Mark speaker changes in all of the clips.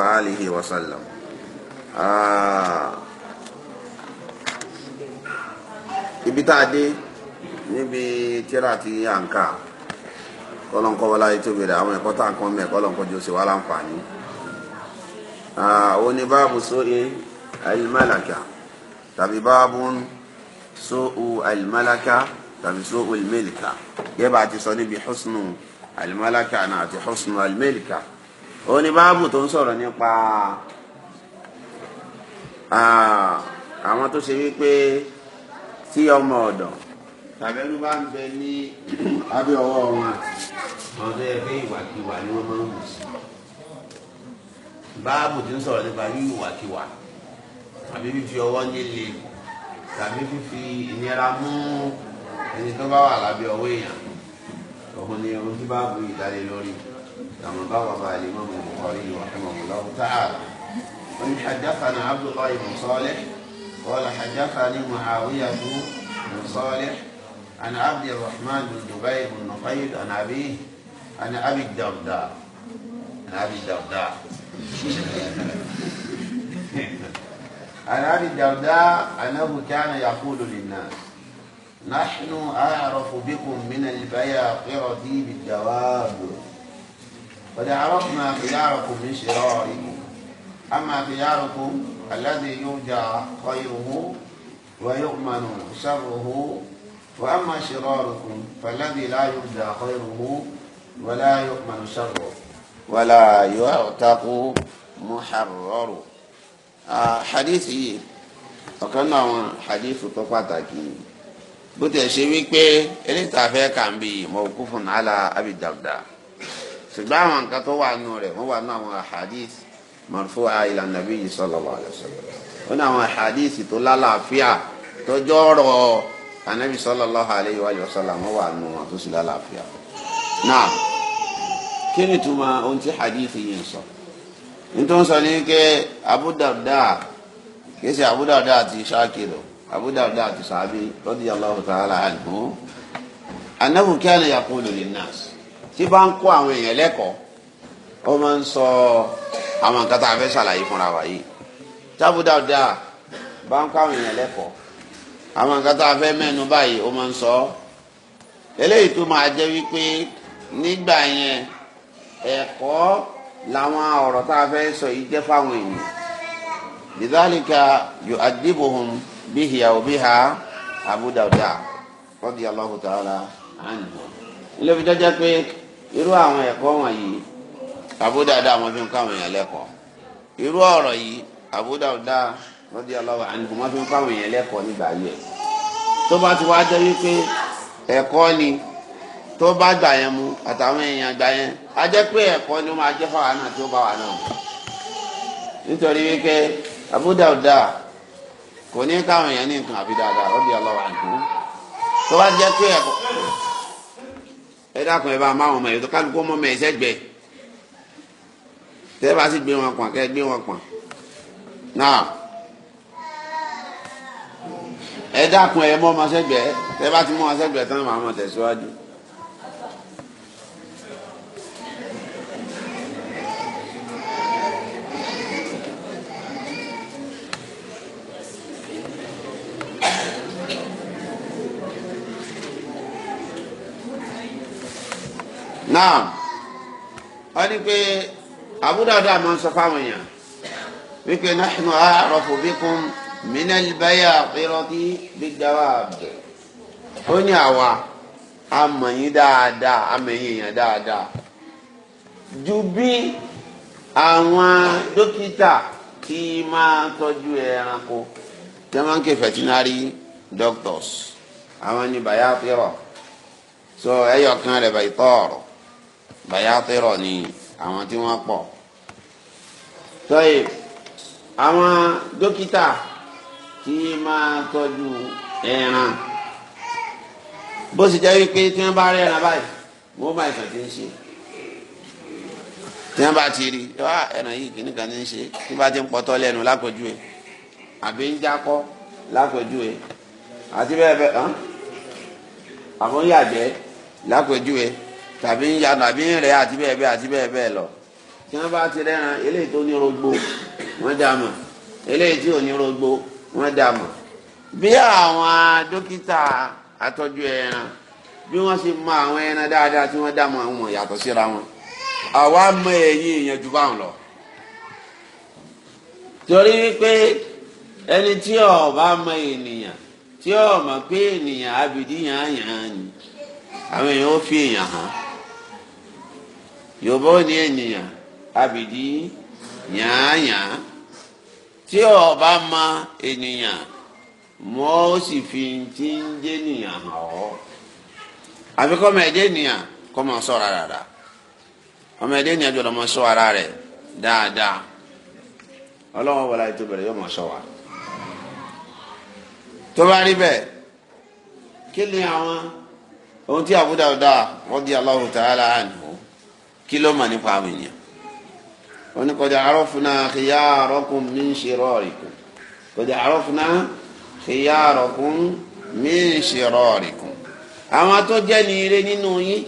Speaker 1: وآله وسلم ah. ibi tá a dé níbi tíra ti à ń kà kọlọ́nkọ́ wọlá yìí tóbi rẹ̀ àwọn ẹ̀kọ́ tá à ń kọ́ mẹ́ kọlọ́nkọ́ jọ sí wa láǹfààní. Ah, ó ní báàbù sóye alimálàkà tàbí báàbù sóhù alimálàkà tàbí sóhù alimẹ́lìkà yẹ́bà ti sọ níbi husnu alimálàkà náà àti husnu alimẹ́lìkà ó ní báàbù tó ń sọ̀rọ̀ nípa àwọn tó ṣe wípé tí ọmọ ọ̀dọ̀ tàbẹ́rú bá ń bẹ ní abẹ́ ọwọ́ wọn ọdọ ẹgbẹ́ ìwàkiwà ni wọ́n máa ń wù sí báàbù tó ń sọ̀rọ̀ nípa yí ìwàkiwà tàbí fífi ọwọ́ nílé tàbí fífi ìnira mú ẹni tó bá wà lábẹ́ ọwọ́ èèyàn òun ni ohun tí báàbù yìí dálé lórí. كما بلغ الإمام البخاري رحمه الله تعالى وإن حدثنا عبد الله بن صالح قال حدثني معاوية بن صالح عن عبد الرحمن بن جبير بن نقيب عن أبيه عن أبي الدرداء عن أبي الدرداء عن أبي الدرداء أنه كان يقول للناس نحن أعرف بكم من البياقرة بالدواب قد عرفنا خياركم من شراركم أما خياركم الذي يرجى خيره ويؤمن شره وأما شراركم فالذي لا يرجى خيره ولا يؤمن شره ولا يعتق محرر حديثي ọ̀kan حديث àwọn hadith tó pàtàkì bó tẹ̀ ṣe wípé eléyìí tá a fẹ́ kà ṣùgbọ́n àwọn nǹkan tó wà nù rẹ̀ wọ́n wà nù àwọn ahadith marfu'a ila nabiyyi sallallahu alaihi wasallam wọ́n ní àwọn ahadith tó lálàáfíà tó jọ́rọ̀ anabi sallallahu alaihi wasallam wọ́n wà nù wọn tó sì lálàáfíà. náà kí ni tuma ohun tí hadith yìí ń sọ nítorí sọ ní pé Abu Darda kìí ṣe Abu Darda àti ṣáàkìlọ Abu Darda àti sàbí radiyallahu ta'ala anhu annahu kana tí bá ń kó àwọn èèyàn lẹ́kọ̀ọ́ ó máa ń sọ àwọn nǹkan tá a fẹ́ ṣàlàyé fúnra wa yìí tábúdáwùdá bá ń kó àwọn èèyàn lẹ́kọ̀ọ́ àwọn nǹkan tá a fẹ́ mẹ́nu báyìí ó máa ń sọ eléyìí tó máa jẹ́ wípé nígbà yẹn ẹ̀kọ́ làwọn ọ̀rọ̀ tá a fẹ́ sọ yìí jẹ́ fáwọn èèyàn lidhalika yu'adibuhum bihiya wa biha Abu Dawuda radiyallahu ta'ala anhu ilé fi jẹ́jẹ́ pé. irú àwọn ẹ̀kọ́ wọ̀nyí àbúdáadáa wọn fi ń ka èèyàn lẹ́kọ̀ọ́ irú ọ̀rọ̀ yìí àbúdáadáa lọ́dí ọlọ́wọ́ àníkù wọn fi ń kọ́ èèyàn lẹ́kọ̀ọ́ nígbà ti wá jẹ́ wípé ni tó bá gbà yẹn mu àtàwọn èèyàn gbà a jẹ́ pé ẹ̀kọ́ ni ó máa jẹ́ fáwọn náà tó bá wà náà nítorí wípé àbúdáadáa kò ní káwọn èèyàn ní nǹkan àbí dáadáa lọ́dí ọlọ́wọ́ àníkù tó bá ẹ dákun ẹ bá máa wọn mọ èyí tó kálukú ọmọ mẹ ẹsẹ gbẹ tẹ bá sì gbé wọn pọn kẹ gbé wọn pọn náà ẹ dákun ẹ mọ ọmọ sẹgbẹ tẹ bá ti mọ ọmọ sẹgbẹ tán màá mọ tẹsíwájú. náà wọ́n ní pé àbúdàdà máa ń sọ fáwọn èèyàn wípé nahnu a'rafu bikum minal bayaqirati bid-dawab ó ní àwa amọ̀yìn dáadáa amọ̀yìn èèyàn dáadáa ju bí àwọn dókítà tí máa tọ́jú ẹranko tí wọ́n máa ń ké veterinary doctors so ẹyọ kan rẹ̀ bàyí tọ́ọ̀rọ̀ bayatiro ni àwọn tí wọ́n pọ̀ tọ́yì àwọn dókítà tí máa tọ́jú ẹran bó sì jẹ́ wípé tí wọ́n bá rí ẹran báyìí wọ́n bá ìfẹ́ tí ń ṣe tí wọ́n bá ti rí wá ẹran yìí kìíní kan ti ń ṣe tí bá ti ń pọtọ́ lẹ́nu lápẹ̀jù àbí ń jákọ́ lápẹ̀jù àti bẹ́ẹ̀ bẹ́ẹ̀ hàn àbọ̀nyàjẹ́ lápẹ̀jù ẹ̀. tàbí ń yanu àbí ń rẹ àti bẹ́ẹ̀ bẹ́ẹ̀ àti bẹ́ẹ̀ bẹ́ẹ̀ lọ tí wọ́n bá ti rẹ́ran eléyìí tó ní rogbo wọ́n dà mọ̀ eléyìí tí ò ní rogbo wọ́n dà mọ̀ bí àwọn dókítà atọ́jú ẹran bí wọ́n ṣe mọ àwọn ẹran dáadáa tí wọ́n dà mọ̀ àwọn yàtọ̀ síra wọn àwa mọ ẹ̀yìn ìyẹn jù báwọn lọ torí pé ẹni tí ó bá mọ ènìyàn tí ó mọ̀ pé ènìyàn abìdíyàn yàn án ni àwọn èèyàn ó fi èèyàn hàn. yorùbá ni ní ènìyàn abìdí yàáyàá tí ọba ma ènìyàn mọ́ ó sì fi ti ń jẹ́ ènìyàn hàn ọ́ àfi kọ́ ọmọ ẹ̀dẹ́ ènìyàn kọ́ máa sọ rárá rà ọmọ ẹ̀dẹ́ ènìyàn jọ̀dọ̀ máa sọ ara rẹ̀ dáadáa ọlọ́wọ́ wọlé ayé tó bẹ̀rẹ̀ yóò máa sọ wa tó bá rí bẹ́ẹ̀ kí ni àwọn ohun tí Abu Dawud radiyallahu ta'ala anhu kí ló mọ̀ nípa àwọn ènìyàn oníkọjá arọ́fúnà khiyarakum min shirarikum kọjá arọ́fúnà khiyarakum min shirarikum àwọn tó jẹ́ ní ire nínú yín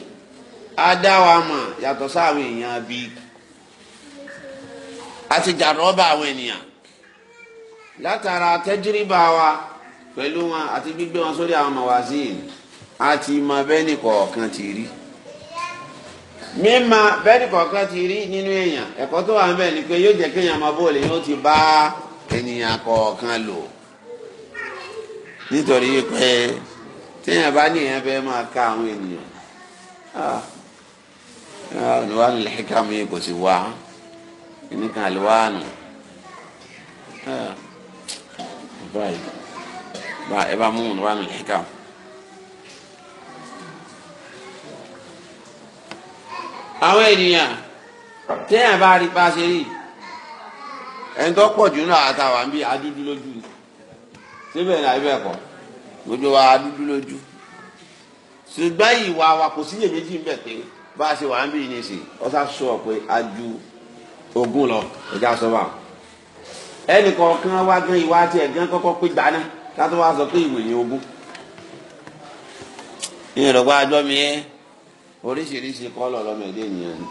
Speaker 1: á dá wa mọ̀ yàtọ̀ sáwọn èèyàn bíi àti jàrọ́bà àwọn ènìyàn látara tẹ́júrìbà wa pẹ̀lú wọn àti gbígbé wọn sórí àwọn mawazin àti mọ̀ bẹ́ẹ̀ nìkọ̀ọ̀kan ti rí. mímà bẹ́ẹ̀ni kọ̀ọ̀kan ti rí nínú èèyàn ẹ̀kọ́ tó wà ń bẹ̀ ni pé yóò jẹ́ kéèyàn máa bó lèyìn ó ti bá ènìyàn kọ̀ọ̀kan lò nítorí pé téèyàn bá ní èèyàn máa ká àwọn ènìyàn àlùwánù ah, ah, lẹ́kàmù yìí kò sí wá nìkan ah, ẹ bá mú lẹ́kàmù. àwọn ènìyàn téèyàn bá rí bá ṣe rí ẹni tó pọ̀ jù náà àtàwà ń bí adúdú lójú síbẹ̀ ní kọ́ gbogbo wa adúdú lójú ṣùgbọ́n ìwà wa kò sí ń wà ní ṣe lọ ẹja sọ bá ẹnì kọ̀ọ̀kan wá gan ìwà kọ́kọ́ pé gbaná ká tó oríṣiríṣi kọ́lọ̀ lọ ẹ̀dẹ́ ènìyàn ni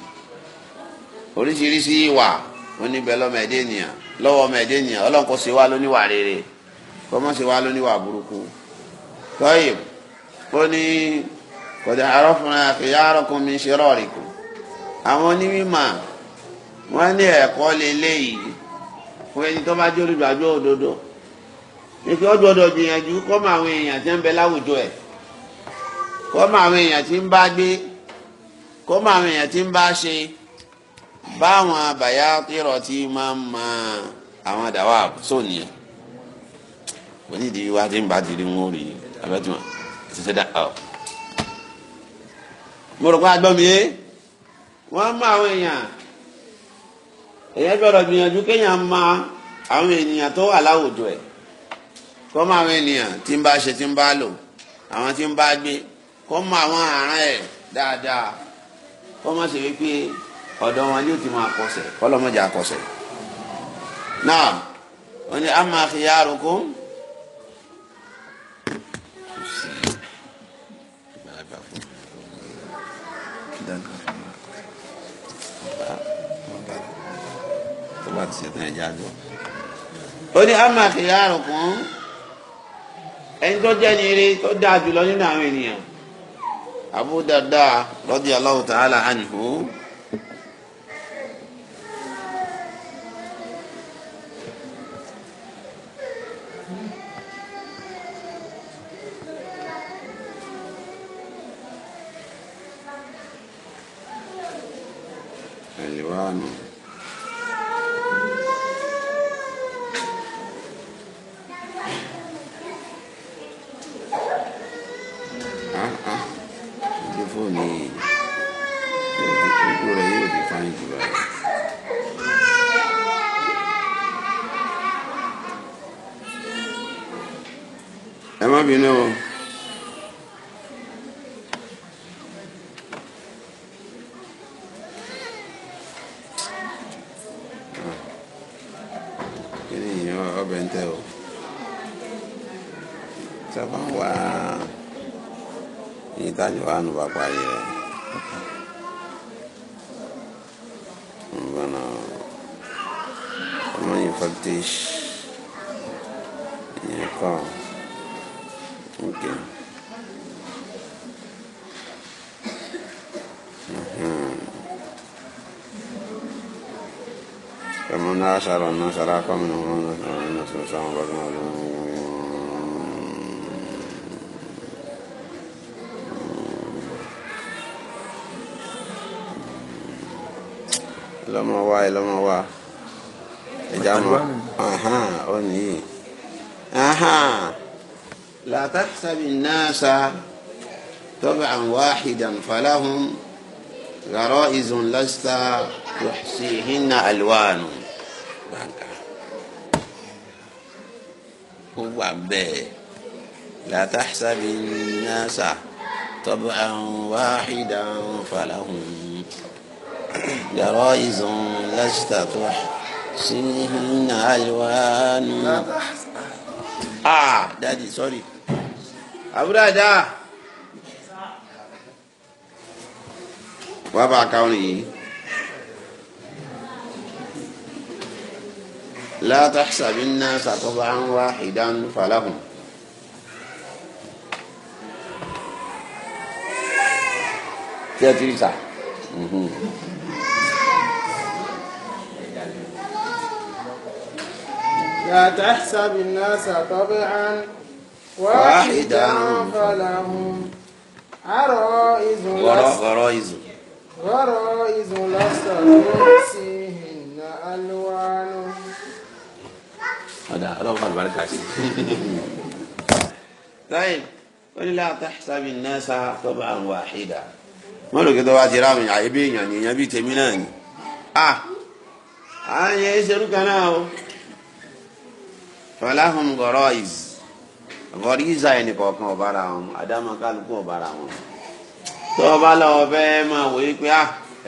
Speaker 1: oríṣiríṣi ìwà oníbẹ̀ lọ́mọ ènìyàn lọ́wọ́ ọmọ ènìyàn ọlọ́run lóníwà rere kò mọ̀ ṣe lóníwà burúkú. tọ́yì ó ní kọ̀dà arọ́fúnra àfẹ́yàrọ́kùn mi ṣe àwọn onímọ̀ wọ́n ní ẹ̀kọ́ lélẹ́yìí fún ẹni tó bá jẹ́ olùdàjọ́ òdodo gbìyànjú àwọn èèyàn ń bẹ láwùjọ ẹ̀ àwọn èèyàn tí ń bá kó máa àwọn èèyàn tí ń bá ṣe báwọn àbàyá tírọ̀ tí máa ń ma àwọn àdáwà sóòní ẹ̀ kò ní ìdí wá tí ń bá ti rí wọn rí abẹ́tùmọ̀ ṣiṣẹ́ dá ọ. mo rò pé a gbọ́ mi yé wọ́n mú àwọn èèyàn èèyàn gbọ́dọ̀ gbìyànjú kéèyàn máa àwọn ènìyàn tó wà láwùjọ ẹ̀ kọ́ mọ àwọn ènìyàn tí ń bá ṣe tí ń bá lò àwọn tí ń bá gbé kọ́ mọ àwọn àárẹ̀ dáadáa kọ́ má ṣe wípé ọ̀dọ̀ wọn yóò ti máa kọsẹ̀ kọ́lọ́mọdé àkọsẹ̀ náà wọ́n ní ama khiyarukum. ó ní ama khiyarukum ẹni tó jẹ́ ni eré tó dáa jùlọ nínú àwọn ènìyàn. Abu Darda radiyallahu ta'ala anhu. فمن أشر الناس راكم منهم من الناس سام بدنا لما وا لما وا جمع أها أني أها لا تحسب الناس طبعا واحدا فلهم غرائز لست يحصيهن ألوان ó wà bẹ́ẹ̀ la tahsabi nasa tab'an wahidan falahum jara'izun lasta tuhsinna alwanu. ah dadi sorry àbúrádá wàá bá a káwọn yìí. لا تحسب الناس طبعا واحدا فلهم تياتريسا لا تحسب الناس طبعا
Speaker 2: واحدا
Speaker 1: فلهم غرائز غرائز غرائز لست تنسي ọlọ́run àlùbáríkà sí. táyì onílé àtàkìsábì náà sá tọ́ba àwọn àhídà wọ́n lòkè tó bá ti ráàmì àyèbí èèyàn ni èèyàn bíi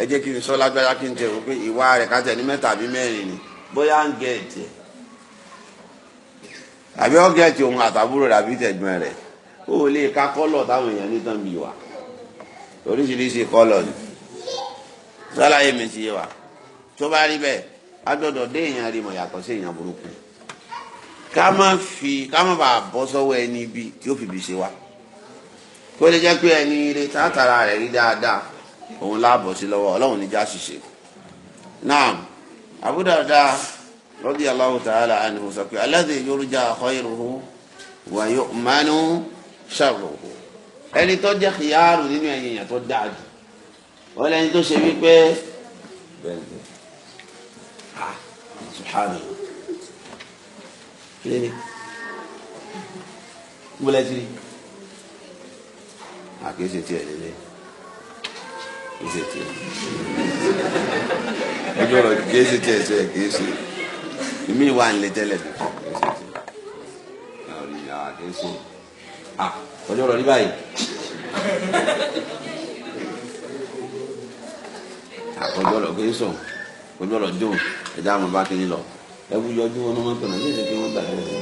Speaker 1: ẹ jẹ́ kí n sọ lágbára kí n ìwà rẹ̀ ní mẹ́ta àbí mẹ́rin ni bóyá ń àbí ọ̀gẹ̀tì òun àtàbúrò rẹ̀ àbí tẹ̀gbọ́n rẹ̀ ó lè ka kọ́lọ̀ táwọn èèyàn nítàn bí wa oríṣiríṣi kọ́lọ̀ ni sálàyé mi ti yé wa tó bá rí bẹ́ẹ̀ adọ́dọ̀ dé èèyàn rí mọ̀ yàtọ̀ sí èèyàn burúkú ká má fi ká má bàa bọ́ sọ́wọ́ ẹni bí tí ó fi bì ṣe wa kó lè jẹ́ pé ẹni ire tátara rẹ̀ rí dáadáa òun láàbọ̀ sí lọ́wọ́ ọlọ́run níjà ṣiṣẹ́ náà àbúdàdà. رضي الله تعالى عنه. pé alladhi yurja khayruhu wa yu'manu sharruhu ẹni tó jẹ́ kìyàrù nínú ẹ̀yìn èèyàn tó dáa jù wọ́n lẹ́ni tó ṣe wípé bẹ́ẹ̀ ah subhanallah kílẹ̀ gbọ́dọ̀ ti rí àkíyèsí tiẹ̀ ah, lélẹ̀ kìí ṣe tiẹ̀ ojú ọ̀rọ̀ kìí ṣe tiẹ̀ tiẹ̀ kìí ṣe èmi wà ń lè tẹ́lẹ̀ bí ah, ọjọ́ rọ̀ ní báyìí. àkọjọ́ ah, rọ̀ kí n sọ ọjọ́ rọ̀ dùn ẹ̀dá àwọn bá kiri lọ ẹ̀wù yọjú wọn máa ń tọ̀nà ní ìṣèkí wọn gbà lọ́wọ́.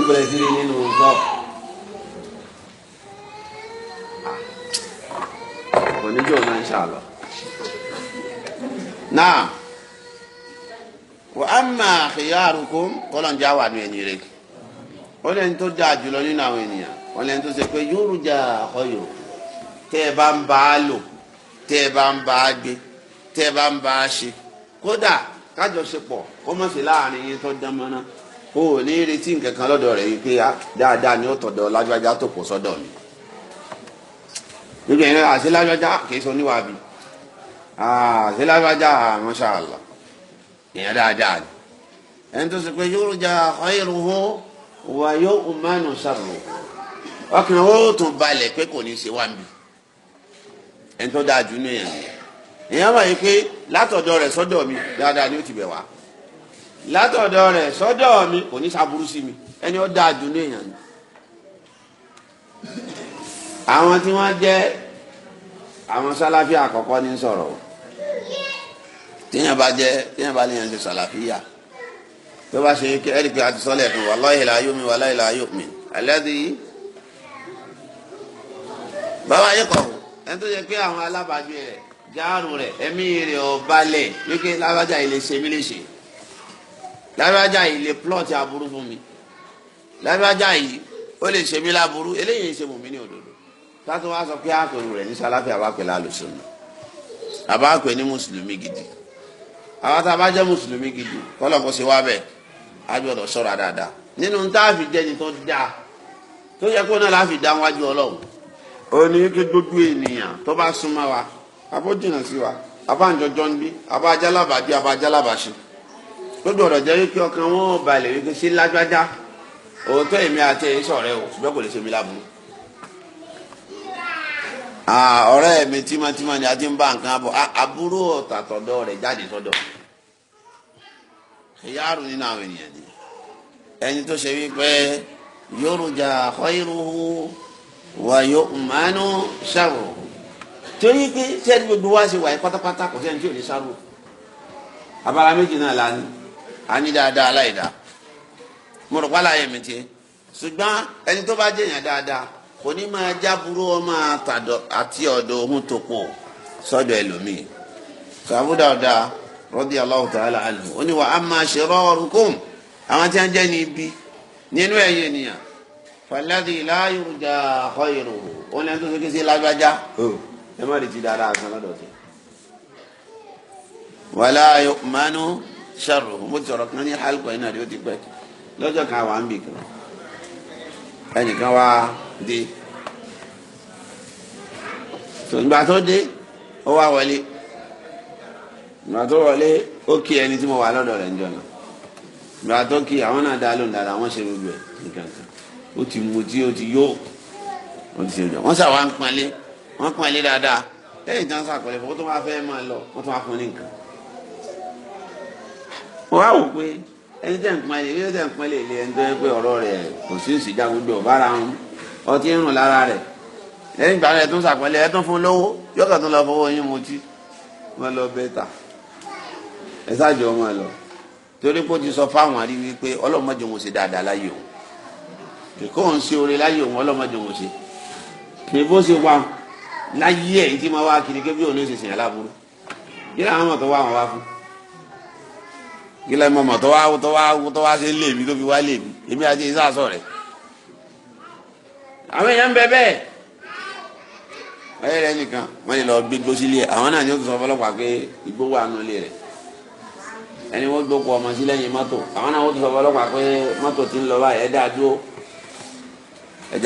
Speaker 1: ìbẹ̀rẹ̀ sí nínú sọ́ọ̀bù. naa Naam. Wa amma khiyarukum kọ́lọ́n já wà ní ẹni rẹ̀. Ó lẹ́ni tó dáa jùlọ nínú àwọn ènìyàn. Wọ́n lẹ́ni tó khoyo. a lò, tẹ́ ẹ bá a se O kan lọ́dọ̀ rẹ̀ yìí pé dáadáa ni ó níbi ẹni àṣẹ lágbájá kì í ṣe oníwàbí àṣẹ masha Allah dáadáa ni ẹni tó sọ pé yurja khayruhu wa yu'manu sharruhu ọkàn ó tún balẹ̀ pé kò ní ṣe wá mi ẹni tó dáa jù ní èèyàn wà yìí pé látọ̀dọ̀ rẹ̀ sọ́dọ̀ mi dáadáa ni ó ti bẹ̀ wá látọ̀dọ̀ rẹ̀ sọ́dọ̀ mi kò ní ṣàbùrú sí mi ẹni ó dáa jù ní àwọn tí wọ́n jẹ́ àwọn sálàfíà àkọ́kọ́ ní sọ̀rọ̀ o tíyàn bá jẹ́ tíyàn bá léyàn ṣe sálàfíà tó bá ṣe kí ẹ̀rí pé a ti sọ́lẹ̀ fún wallahi la yu'min wallahi la yu'min alladhi bàbá yìí kọ̀ ẹni tó yẹ pé àwọn alábàágbé rẹ̀ jáàrú rẹ̀ ẹ̀mí rẹ̀ balẹ̀ wípé lábàjá ilé ṣe lè ṣe lábàjá ilé plọ̀tì aburú fún mi lábàjá yìí ó lè ṣe mí láburú eléyìí ṣe mùmí ní òdòdó tátó wá sọ pé àpèrú rẹ̀ ní sàláfì àbápẹ̀ lálùsùnà àbápẹ̀ ní mùsùlùmí gidi àwọn tá a bá jẹ́ mùsùlùmí gidi kọ́lọ̀ kó ṣe wá bẹ́ẹ̀ á gbọ́dọ̀ sọ̀rọ̀ dáadáa nínú tá a fi jẹ́ni tó dáa tó yẹ kó náà la fi dá wájú ọlọ́run òní kí gbogbo ènìyàn tó bá súnmọ́ wa abójìnà sí wa abáǹjọjọ ń bí abájálàbàbí abájálàbàṣe gbogbo ọ̀rọ̀ jẹ́ wípé ọkàn wọn ò balẹ̀ wípé sí lágbájá òótọ́ èmi àti ẹ̀yìn sọ̀rẹ́ o ṣùgbọ́n kò lè ṣe mi láburú ọ̀rẹ́ mi tímọ́tímọ́ ni a ti ń bá nǹkan bọ̀ àbúrò ọ̀tà tọ̀dọ̀ rẹ̀ jáde sọ́dọ̀ ìyáàrú nínú àwọn ènìyàn ni ẹni tó ṣe wípé yorùjá khairuhu wa yu'manu sharruhu torí pé sẹ́ni gbogbo wá sí wàyí pátápátá kò sẹ́ni tí ò ní sáró abala méjì náà la ní a dáadáa aláìdáa mo rò pálá ayé mi tiẹ̀ ṣùgbọ́n ẹni tó bá jẹ̀yàn dáadáa kò ní máa jáburú ọmọ àti ọ̀dọ̀ ohun tó pọ̀ sọ́dọ̀ ẹlòmíì sàbúdà ọ̀dà radiyallahu ta'ala anhu ó ní wa amma shirarukum àwọn tí wọ́n jẹ́ ní ibi nínú ẹ̀yìn ènìyàn falladhi la yurja khayruhu ó ní ẹni tó sókè sí lágbájá ẹ má rí ti dára àṣà lọ́dọ̀ tó wala yu'manu sharruhu mo ti sọ̀rọ̀ kan ní halqa iná rí ó ti pẹ́ lọ́jọ́ kan wà ń bì kan ẹnìkan wá dé tòǹgbà tó dé ó wá wọlé ìgbà tó wọlé ó kí ẹni tí mo wà lọ́dọ̀ rẹ̀ ń jọ náà ìgbà tó kí àwọn náà dá lóun dára wọ́n ṣe gbogbo ẹ̀ nìkan kan ó ti mu tí ó ti yó ó ti ṣe jọ wọ́n ṣàwọn ń panlé wọ́n panlé dáadáa lẹ́yìn tí wọ́n ṣàkọlẹ̀ fún tó máa fẹ́ máa lọ wọ́n tó máa fún ní nǹkan. wọ́n á wò pé ẹni tẹ̀ ń panlé ẹni tẹ̀ ń panlé ilé ẹni tó yẹ pé ọ̀rọ̀ rẹ̀ kò sí ìsìjà gbogbo ọ̀bára wọn ọtí ń rùn lára rẹ̀ lẹ́yìn ìgbà rẹ̀ tó ń sàpẹ́lẹ̀ ẹ̀ tó ń fún lówó yọ̀kà tó ń lọ fọwọ́ yín mutí wọ́n lọ bẹ́tà ẹ sáàjọ ọmọ ẹ lọ torí pé ó ti sọ fáwọn àrí wípé ọlọ́mọdé òun ṣe dáadáa láyé òun kò ń ṣe oore láyé òun ọlọ́mọdé òun ṣe kì í bó ṣe wà láyé ẹ̀ tí máa wá kiri kébí òun ló ṣe sìn aláburú kí ni àwọn ọmọ tó wá wọn wá fún kí lẹ́yìn mọ̀mọ́ tó wá tó wá tó wá ṣe léèmí tó fi wá léèmí èmi àti ìsáàsọ rẹ̀ àwọn èèyàn ń bẹ bẹ́ẹ̀ ọyẹ rẹ nìkan wọn lè lọ gbé gbósílẹ àwọn náà ni ó ti sọ fọ́lọ́pàá pé igbó wà nù rẹ ẹni wọn ọmọ sí mọ́tò àwọn náà ó ti sọ fọ́lọ́pàá mọ́tò ti ń lọ báyìí ẹ ẹ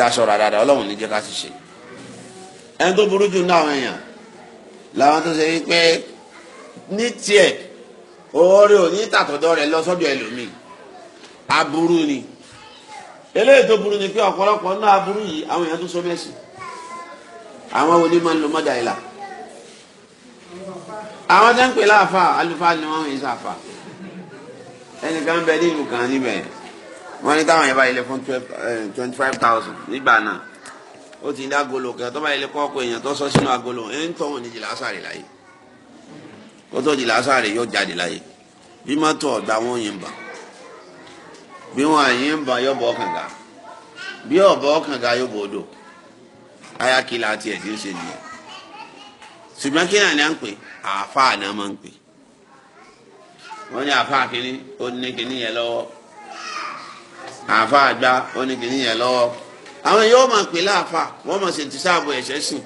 Speaker 1: ká ṣe ẹni tó burú jù àwọn làwọn eléyìí tó burú ni pé ọ̀pọ̀lọpọ̀ náà aburú yìí àwọn èèyàn tó so mẹ́sìn àwọn wo ni máa ń lo mọ́dà ìlà àwọn tó ń pè láàfà alùfáà ni wọ́n ń sàfà ẹnìkan bẹ ní ìlú kan níbẹ̀ wọ́n ní táwọn yẹn ilé fún twenty five thousand nígbà náà ó ti ní agolo kan tó bá ilé kọ́kọ́ èèyàn tó sọ sínú agolo ẹ̀ ń tọ́wọ̀n ní jìlá sáré láyé kó tó jìlá sáré yóò jáde láyé bí mọ́tò ọ̀gbà wọn yìí ń bà bí wọn àyè ń ba yọ bọ kànga bí ọbọ kànga yóò bọ odò ayakila tiẹ̀ tí ó ṣe nìyẹn ṣùgbọ́n kí náà ni à ń pè àáfàá náà máa ń pè wọ́n ní àáfàá kínní ó ní kínní yẹn lọ́wọ́ àáfàá gbá ó ní kínní yẹn lọ́wọ́ àwọn yóò máa pè láàfà wọ́n máa ṣe ti sáàbò ẹ̀ṣẹ̀ sìn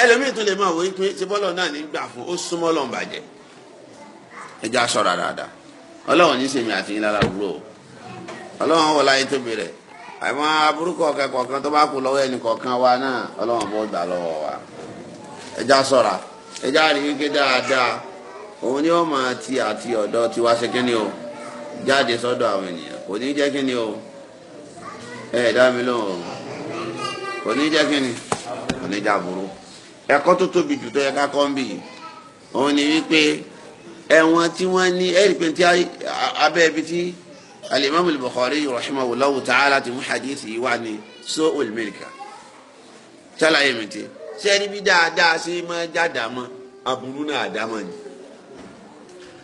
Speaker 1: ẹlòmíì tún lè máa wọ ipe tí bọ́lọ̀ náà ní gbà fún ó súnmọ́ lọ́nbàjẹ́ ẹja sọ̀rọ̀ dáadáa ọlọ́run ní sèmi àti yín lára o ọlọ́run wọlé ayé tóbi rẹ̀ àwọn aburúkọ kẹkọ̀ọ̀kan tó bá kú lọ́wọ́ ẹnì kọ̀ọ̀kan wa náà ọlọ́run bó gbà lọ́wọ́ wa ẹja ṣọ́ra ẹja rí wípé dáadáa òun ni ó máa ti àti ọ̀dọ́ tiwa ṣe kí ni o jáde sọ́dọ̀ àwọn ènìyàn kò ní jẹ́ kí ni o ẹ dá mi lóhùn kò ní jẹ́ kí ni kò ní jàbúrú ẹ̀kọ́ tó tóbi jù tó yẹ ká kọ́ ń bì òun ni wípé ẹ̀wọ̀n tí wọ́n ní ẹ̀rì pé abẹ́ ibi tí alimami al-Bukhari rahimahullahu ta'ala ti mu hadithi wa ni so'ul milka tala yi mi ti sẹ́ni bí dáadáa ṣe máa jáde àmọ́ aburú náà àdámọ́ ni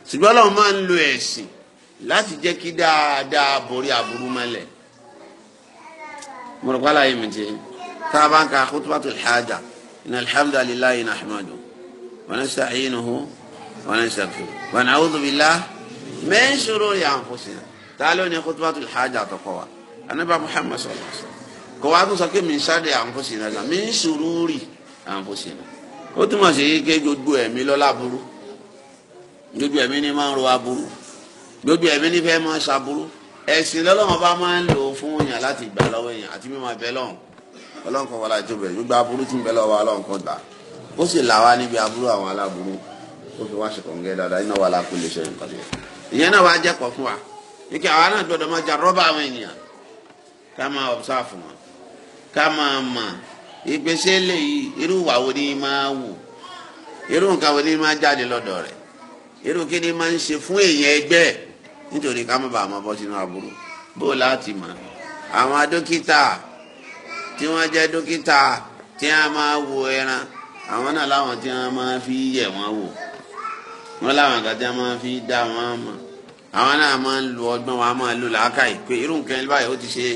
Speaker 1: ṣùgbọ́n Ọlọ́run máa ń lo ẹ̀sìn láti jẹ́ kí dáadáa borí aburú mọ́lẹ̀ mọ̀rọ̀kọ́ aláyé mi ti tá a bá ń ka khutbatul haja inna alhamdulillahi nahmadu wa nasta'inuhu wa nastaghfiruh wa na'udhu billahi min shururi anfusina ta ló ní khutbatul hajj àtọkọ wa anaba muhammad sọlọ sọ kò wá tó من pé mi sáré àǹfọ̀sìnà gan mi sùúrù àǹfọ̀sìnà ó túmọ̀ sí ké gbogbo ẹ̀mí lọ́la burú gbogbo ẹ̀mí ni máa ń ro aburú gbogbo ما ni fẹ́ máa ṣaburú ẹ̀sìn lọ́lọ́wọ́n bá máa ń lò fún èèyàn láti gbà lọ́wọ́ èèyàn àti mímọ abẹ́ lọ́hùn ọlọ́run kan wọlé àjọbẹ̀ gbogbo aburú tí ń bẹ lọ́wọ́ ọlọ́run kan gbà ó sì là wá níbi aburú àwọn aláburú ó fi wá ṣe kọ̀ǹgẹ́ dáadáa iná wà lákòó lè ṣe nǹkan tó yẹ ìyẹn náà wàá jẹ́kọ̀ọ́ fún wa. nke yake awana do da majar roba amenya kama obsafuma kama ma ipesele yi iru wa woni ma wu iru nka woni ma jade lodo re iru kini ma nse fun eyan egbe nitori kama ba ma bo sinu aburu bo lati ma awon dokita ti won je dokita ti a ma wo eran awon na lawon ti a ma fi ye won wo won lawon ma fi da won ma. àwọn náà máa ń lo ọgbọ́n wa máa lo làákàyè pé irú nǹkan ẹni báyìí ó ti ṣe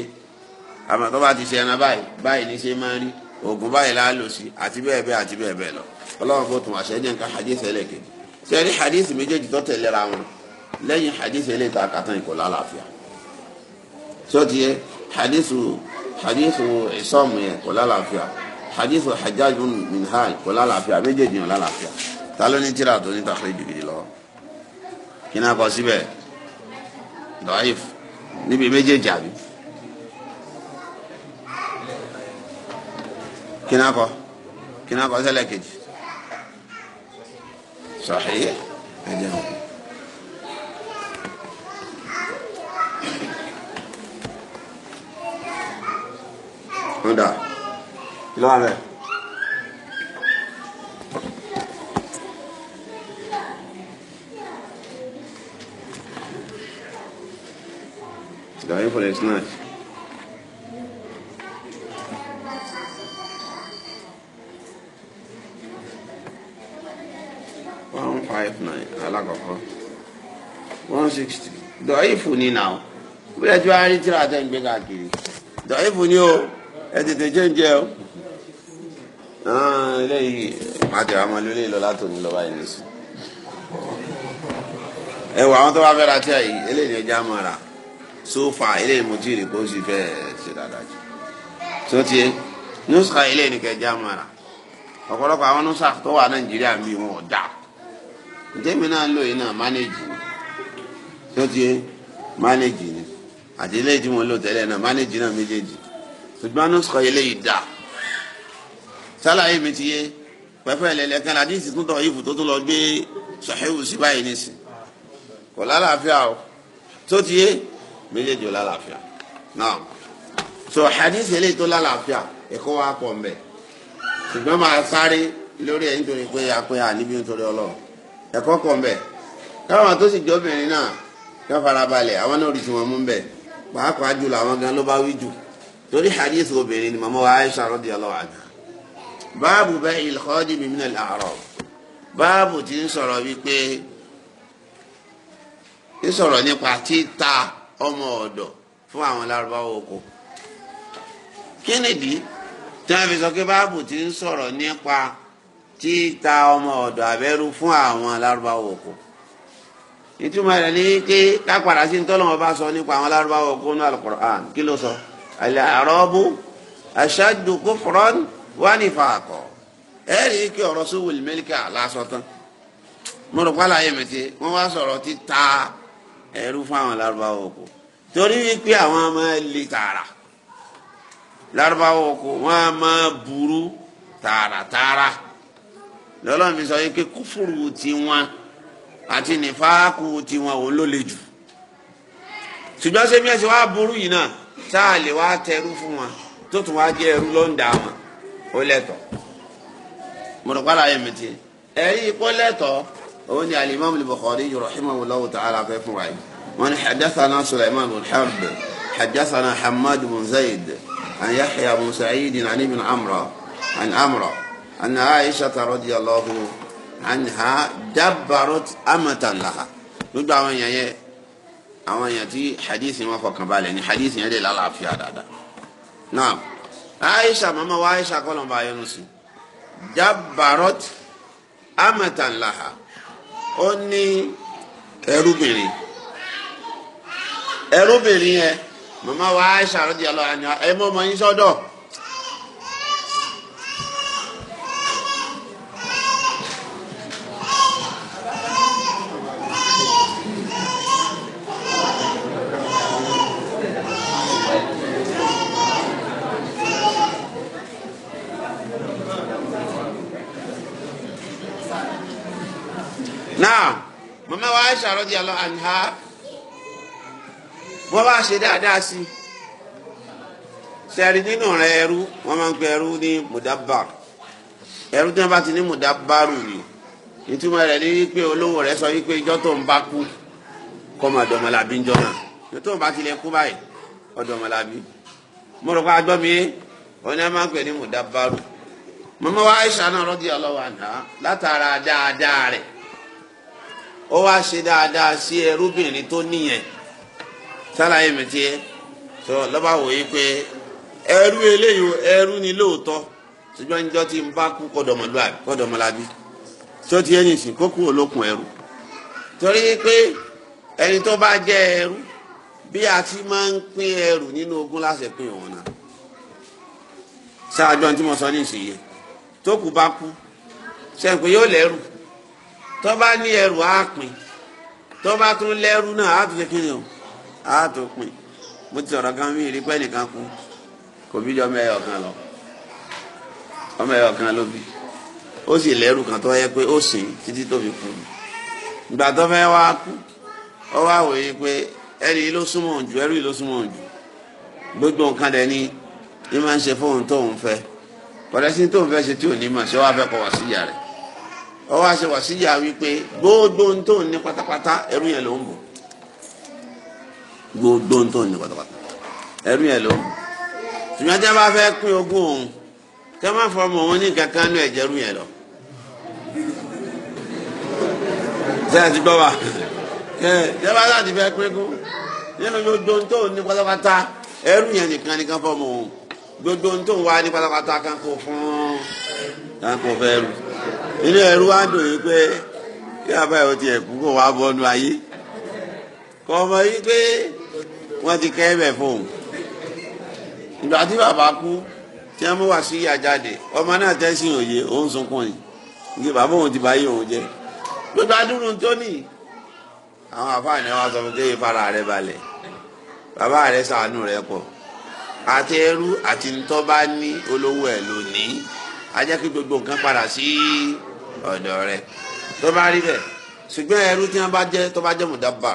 Speaker 1: àmọ́ tó bá ti ṣe ẹran báyìí báyìí ní ṣe máa rí oògùn báyìí láà lò sí àti bẹ́ẹ̀ bẹ́ẹ̀ àti bẹ́ẹ̀ bẹ́ẹ̀ lọ ọlọ́run kò tún àṣẹ ní nǹkan hadith ẹlẹ́kejì ṣe rí hadith méjèèjì tó tẹ̀léra wọn lẹ́yìn hadith ẹlẹ́ta kàtàn ìkọlá àlàáfíà sọ́ọ̀tì yẹ hadith hadith ìsọ́ọ̀mù yẹn kọlá àlàáfíà hadith hajjaj minhaj kọlá àlàáfíà méjèèjì yẹn da'if níbi méjèèjì àbí. kina kọ kina kọ sẹlẹ kejì sahih ẹjẹ o. ó dà kí φορές, να έχει. one five nine alákọ̀ọ́kọ́ one sixty dọ̀yìfù ni nà ó bílẹ̀ tí wàá rí tíra tẹ́ ń gbé káàkiri dọ̀yìfù ni ó ẹ tètè jẹ́ ń jẹ́ ó eléyìí mákèrè àmọ́ ló lè lọ látòní lọ́ba yìí nìsí ẹ wọ àwọn tó bá fẹ́ ra tíra yìí eléyìí ẹja máa rà so far eléyìí mo sì fẹ́ ṣe dáadáa jù tó tiẹ̀ nusa eléyìí ni kẹjá mara ọ̀pọ̀lọpọ̀ àwọn nusa tó wà nàìjíríà mi wọn ò dà ntẹ́mi náà lò yìí náà mánéjì ni tó tiẹ̀ mánéjì ni àti eléyìí tí mo lò tẹ́lẹ̀ náà mánéjì náà méjèèjì ṣùgbọ́n nusa eléyìí dà sálàyé mi ti yé pẹ́pẹ́ lẹ́lẹ́kan ládìsí tó tọ̀ ìfù tó tó lọ gbé sọ̀hẹ́wù sí báyìí nísìn kò lálàáfíà o tó tiẹ̀ méjèèjì ó lálàáfíà náà so hadith eléyìí tó lálàáfíà ẹ̀kọ́ wa pọ̀ mbẹ̀ ṣùgbọ́n máa sáré lórí ẹ̀ nítorí pé a pé a níbi nítorí ọlọ́run ẹ̀kọ́ pọ̀ mbẹ̀ káwọn tó sì jọ́bìnrin náà ká farabalẹ̀ àwọn náà rí tí wọ́n mú mbẹ̀ pàápàá jùlọ àwọn gan ló bá wí jù torí hadith obìnrin ni màmá wa Aisha radiyallahu anha báàbù bai'il khadimi minal a'rab báàbù ti ń sọ̀rọ̀ wípé ń sọ̀rọ̀ nípa títa ọmọ ọ̀dọ̀ fún àwọn lárúbáwá oko kínìdí tí wọ́n fi sọ pé báàbù ti ń sọ̀rọ̀ nípa títa ọmọ ọ̀dọ̀ abẹ́rú fún àwọn lárúbáwá oko ìtumọ̀ rẹ̀ ní pé lápàdà sí ntọ́lọ́wọ́ bá sọ nípa àwọn lárúbáwá oko ní alukur'an kí ló sọ al-arabu ashaddu kufran wa nifaqa ẹ rí i kí ọ̀rọ̀ sówó ìmẹ́líkà lásọ tán mo rò pálá yẹn mẹ́tẹ́ wá sọ̀rọ̀ títa ẹrú fáwọn lárúbáwá oko torí wípé àwọn máa le tààrà lárúbáwá oko wọn a máa burú tààràtààrà lọ́lọ́run fi sọ wípé kúfùrù tiwọn àti nìfàákù tiwọn òun ló le jù ṣùgbọ́n ṣé bí wọ́n ṣe wá burú yìí náà tá a lè wá tẹrú fún wọn tó tún wá jẹ́ ẹrú ló ń dà wọn ó lẹ́tọ̀ọ́ mọ̀rọ̀pá láyé mi ti ẹ̀rí ikọ́ lẹ́tọ̀ọ́ òun ni alimami Bukhari rahimahullahu ta'ala fẹ́ fún wa yìí wọ́n ní hadathana Sulaiman bin Harb hadathana Hamad bin Zayd an Yahya bin Sa'id an ibn Amra an Amra an Aisha radiyallahu anha dabbarot amatan laha lójú àwọn èèyàn yẹn àwọn èèyàn tí hadith wọn fọkàn balẹ̀ ni hadith yẹn lè lálàáfíà dáadáa náà Aisha mama wa Aisha kọlọmba ayọnusi dabbarot amatan laha ó ní ẹrúbìnrin ẹrúbìnrin yẹn màmá wa Aisha radiyallahu anha ẹ mọ́ ọmọ yín sọ́dọ̀. radiyallahu anha wọ́n bá ṣe dáadáa sí i sẹ́ẹ̀rì nínú rẹ̀ ẹrú wọ́n máa ń pe ẹrú ní mùdábàr ẹrú tí wọ́n bá ti ní mùdábàrù ni ìtumọ̀ rẹ̀ ní wípé olówó rẹ̀ sọ wípé ìjọ́ tó ń bá kú kọ́ máa dọ̀mọ̀lábí ń jọ náà ìjọ́ tó ń bá tilẹ̀ kú báyìí ọ̀dọ̀mọ̀lábí mo rò pé agbọ́ mi òun náà máa ń pè ní mùdábàrù mọ́mọ́ wa Aisha náà radiyallahu anha látara dáadáa rẹ̀ ó wá ṣe dáadáa sí ẹrúbìnrin tó níyẹn sálàyé mi tiẹ̀ sọ lọ́ba wò yí pé ẹrú eléyìí ẹrú ni lóòótọ́ ṣùgbọ́n níjọ́ tí n bá kú kọ́dọ̀mọ́lábí tó ti ẹni sìn kó kú olókùn ẹrú torí pé ẹni tó bá jẹ́ ẹrú bí a ti máa ń pín ẹrù nínú ogun láṣẹ pín òun náà ṣáájú ohun tí mo sọ ní tó kù bá kú ṣe pé tó bá ní ẹrù á pín tó bá tún náà á tún ṣe o á tún mo ti sọ̀rọ̀ kan mí rí pẹ́ nìkan kú kò bí ọmọ ẹyọ kan lọ ọmọ ẹyọ kan ló bí ó sì kan tó yẹ pé ó sìn títí tó fi kú ìgbà tó fẹ́ wá kú ó wá wòye pé gbogbo nǹkan ní máa ń ṣe fóun tóun fẹ́ kọ̀dẹ́sí tóun fẹ́ ṣe tí ò ní mọ̀ ṣé wàá fẹ́ kọ̀ wá ọwọ́ àṣẹ wàsíyà wípé gbogbo ń tó ní pátápátá ẹrú yẹn ló ń bọ̀ gbogbo ń tó ní pátápátá ẹrú yẹn ló ń bọ̀ ṣùgbọ́n tí a bá fẹ́ pín ogún òun kẹ́ má fọmọ òun ní kankan ní ẹ̀jẹ̀ ẹrú yẹn lọ. ṣé ẹ ti gbọ́ wa ẹ bá láti fẹ́ pín kú nínú gbogbo ní pátápátá ẹrú yẹn nìkan nìkan fọmọ òun gbogbo tó ń wá ní pátápátá kan kò fún kan kò fẹ́ rù inú ẹrú wa ń dùn yìí pé kí abáyọ̀ tiẹ̀ kú kó wá bọ́nu ayé kọ́ ọmọ yìí pé wọ́n ti kẹ́ ẹ̀bẹ̀ fóun ìgbà tí bàbá kú tí wọ́n mú wá sí ìyá jáde ọmọ náà tẹ́sí òye òun sunkún yìí nígbà bàbá òun ti bá yé òun jẹ gbogbo adúrú tó nì àwọn àfáàní wa sọ fún kéye fara rẹ balẹ̀ bàbá rẹ ṣàánú rẹ pọ̀ àti ẹrú àti ntọ́ba ní olówó ẹ̀ lónìí ajá kí gbogbo nǹkan padà sí ọ̀dọ̀ rẹ̀ tó bá rí bẹ́ẹ̀ ṣùgbọ́n ẹrú tí wọ́n bá jẹ́ tó bá jẹ́ mùdábà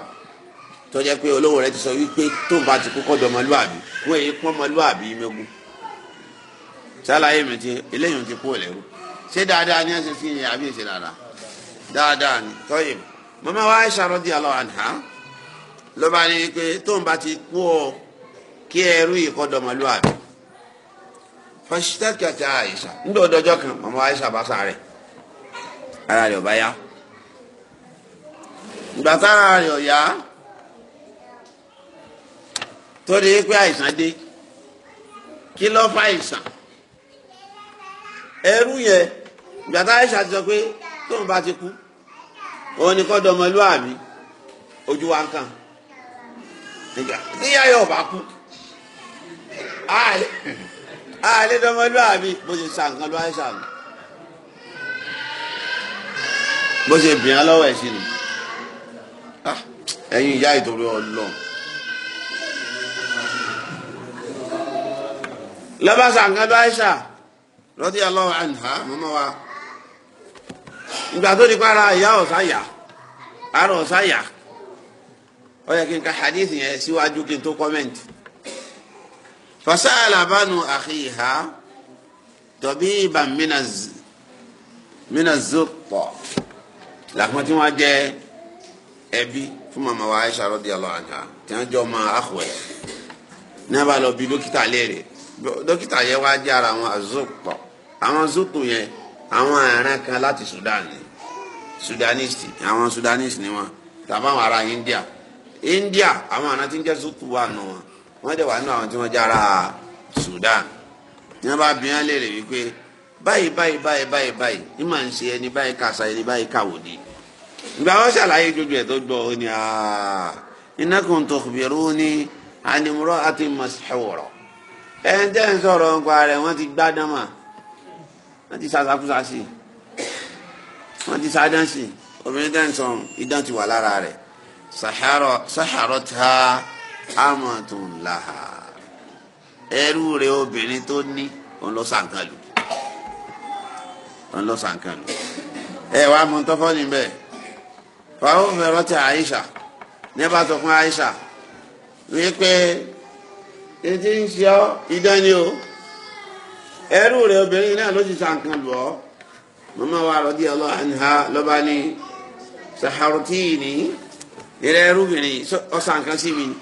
Speaker 1: tó jẹ́ pé olówó rẹ̀ ti sọ wípé tó bá ti kú kọ́dọ̀ ọmọlúwàbí wọ́n èyí pọ́n ọmọlúwàbí mẹ́gun ṣàlàyé mi ti eléyìí ti kú ẹ̀lẹ́rú ṣé dáadáa ni ẹ ṣe fi yẹn àbí ṣe dáadáa dáadáa ni tọ́yìn mọ́mọ́ wa Aisha radiyallahu anha ló bá ní pé tóun bá ti kú ọ́ kí ẹrú yìí kọ́ dọmọlúwàbí fọṣítàkìtà àyíṣà nígbà ọdọjọ kan mọmọ àyíṣà bá sáré ara rẹ ọba ya. ìgbà ara rẹ̀ ọ̀yá tó pé àìsàn dé kí lọ fa àìsàn ẹrú yẹn ti sọ pé tóun bá kú òun ni ojú wa àlè dọmọlúwàbí bó ṣe sa nǹkan ló wá ṣà mí bó ṣe bìyàn lọ́wọ́ ẹ̀ sí ni ah, ẹ̀yin ìyá ìtòrí ọlọ́run. labasa nǹkan bá aisha radiyallahu anha mọ́mọ́ wa ìgbà tó di para ìyá ọ̀sá yà ara ọ̀sá yà ó yẹ kí n ka hadith yẹn síwájú kí n tó kọ́mẹ́ǹtì fasaala banu akhiha tabiba mina zokpɔ làkùnrin tí wọn jẹ ẹbí fún mama wa aisha radiyallahu anha tí wọn jọ ma akhwe ní a bá lọ bí dókítà léèrè dókítà yẹn wá jẹ ara àwọn azokpɔ àwọn zokpɔ yẹn àwọn aràn kan láti sudan ni sudanist àwọn sudanist ni wọn tàbí àwọn ará india india àwọn aràn tí ń jẹ zokpɔ wà wọ́n dẹ̀ wà nínú àwọn tí wọ́n jára Sudan ní wọ́n bá bí wọ́n léèrè wípé báyìí báyìí báyìí báyìí báyìí ní màá ń ṣe ẹni báyìí kàṣà ẹni báyìí kàwò ni. ìgbà wọn ṣàlàyé gbogbo ẹ̀ tó gbọ́ ọ ni innakum tukhbiruni an imra'atin mas'hura ẹ̀ ń tẹ́ ń sọ̀rọ̀ nǹkan rẹ̀ wọ́n ti gbádùn mà wọ́n ti ṣàṣàkúṣà sí i ti ṣàdán sí obìnrin tẹ́ ń sọ ìdán ti wà lára rẹ̀ sàhárọ̀ sàhárọ̀ tá a amatun laha ẹrú rẹ obìnrin tó ní òun lọ sàǹkan lù òun lọ sàǹkan lù ẹ wàá mú tọ́fọ́ níbẹ̀ fàáhùn fẹ́rọ́ ti Aisha ní bá sọ fún Aisha wípé etí ń ṣe ọ idán ni o ẹrú rẹ obìnrin náà ló ti sàǹkan lù ọ wa radiyallahu anha lọ́ba ní sàhàrùtì ní ìrẹ́rùbìnrin ọ̀sàǹkan sí mi ni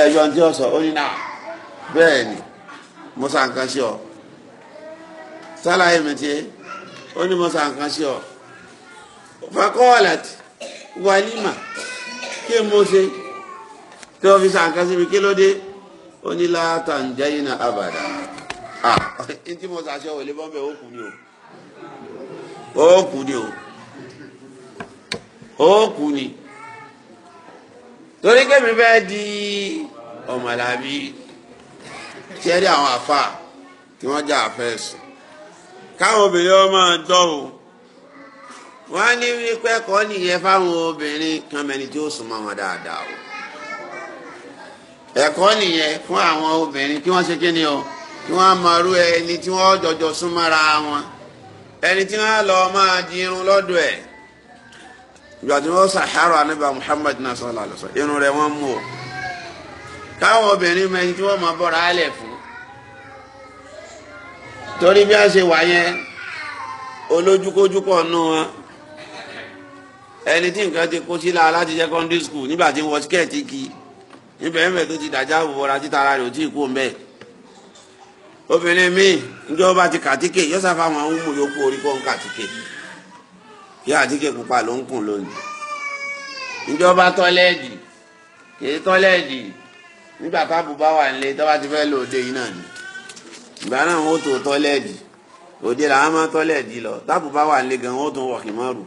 Speaker 1: ẹ̀yọ́ ní ọ̀sọ̀ ó ní náà bẹ́ẹ̀ ni mo sàn kan sí ọ sálàyé mi tiẹ̀ ó ní mo sàn kan sí ọ fakọ́ọ̀lẹ̀t wàlímà kí mo ṣe tí wọ́n fi sàn kan sí mi kí ló dé ó ní láàtà àbàdà ah ní tí mo sàṣẹ ò lè bọ́ bẹ́ẹ̀ ó kù ni o ó kù ni o ó kù ni torí pé mi fẹ́ di ọmọlàbí tiẹ́rì àwọn àfa tí wọ́n já àfẹ́sùn káwọn obìnrin ọmọ ọjọ́ o wọ́n á ní pẹ́kọ́ nìyẹn fáwọn obìnrin kan mẹ́ni tí ó sùn mọ́ wọn dáadáa o ẹ̀kọ́ nìyẹn fún àwọn obìnrin kí wọ́n ṣe kí ni o kí wọ́n máa rú ẹni tí wọ́n jọjọ sún wọn ẹni tí wọ́n lọ máa di irun lọ́dọ̀ ẹ̀. ìgbà tí wọ́n sàhárọ̀ anábà Muhammad náà sallallahu alaihi mụọ irun rẹ̀ wọ́n o káwọn obìnrin tí wọ́n máa bọ́ra alẹ̀ fún torí bí a ṣe wà yẹn olójúkójú nù wọn ẹni tí nǹkan ti kó sílá láti secondary school nígbà tí wọ́n skẹ́ẹ̀tì kí níbẹ̀ níbẹ̀ tó ti dàjà wọra títa ara rẹ̀ ò tí ì kú mbẹ́ obìnrin ti kàtíkè yọ́sàfà kí àtíkè pupa ló ń kùn lónìí ìjọba tọ́lẹ́ẹ̀dì kìí tọ́lẹ́ẹ̀dì nígbà táàbù bá wà nílé tọ́ba ti fẹ́ lò òde yìí náà ni ìgbà náà wọn ó tó tọ́lẹ́ẹ̀dì òde làwọn máa tọ́lẹ́ẹ̀dì lọ táàbù bá wà nílé gan wọn ó tún wọ̀ kìmọ́rù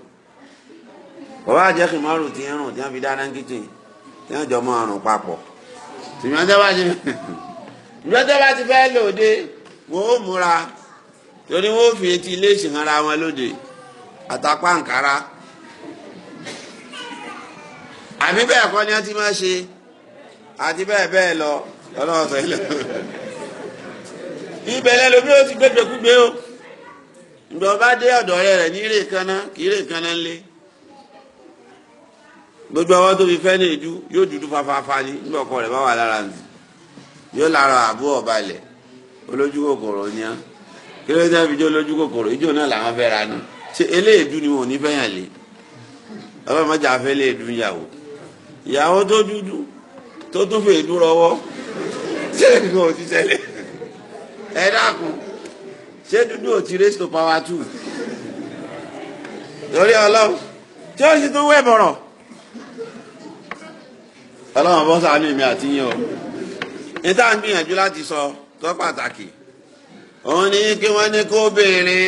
Speaker 1: bàbá àjẹ́ kìmọ́rù ti ń rùn tí wọ́n fi dáná kíkì tí wọ́n jọ máa rùn papọ̀ ṣùgbọ́n tọ́ba ti fẹ́ lò òde wọn ó múra torí wọn ó fi etí ilé ìsìn ara wọn lóde àtàpá àǹkárá àbí bẹ́ẹ̀ kọ́ ni wọ́n ti máa ṣe àti bẹ́ẹ̀ bẹ́ẹ̀ lọ ọlọ́run sọ ilé ibẹ̀ lẹ́lòmí ó ti gbẹ́gbẹ́kúgbé o ìgbà ọba dé ọ̀dọ̀ ọ̀rẹ́ rẹ̀ ní ìrè kaná kì í rè kaná ńlẹ̀ gbogbo ọwọ́ tó fi fẹ́ ní ìdú yóò dúdú fafafa ni nígbà ọkọ rẹ̀ bá wà lára nù yóò lára àbú ọba ilẹ̀ olójú kòkòrò ni á kí ló dé fi jó olójú kòkòrò ìjó náà làwọn fẹ́ ra náà ṣe eléèdú ni wọn ò ní fẹ́yàn lé ọlọ́run mọ́jà afẹ́ eléèdú ìyàwó ìyàwó tó dúdú tó tún fèé dúró ọwọ́ ṣé nǹkan ò ti ṣẹlẹ̀ ẹ dákun ṣé dúdú ò ti raise to power two lórí ọlọ́run tí ó sì tún wẹ̀ bọ̀rọ̀ ọlọ́run bọ́ sàánú èmi àti yín o ní tá à ń gbìyànjú láti sọ tó pàtàkì òun ni kí wọ́n ní kó béèrè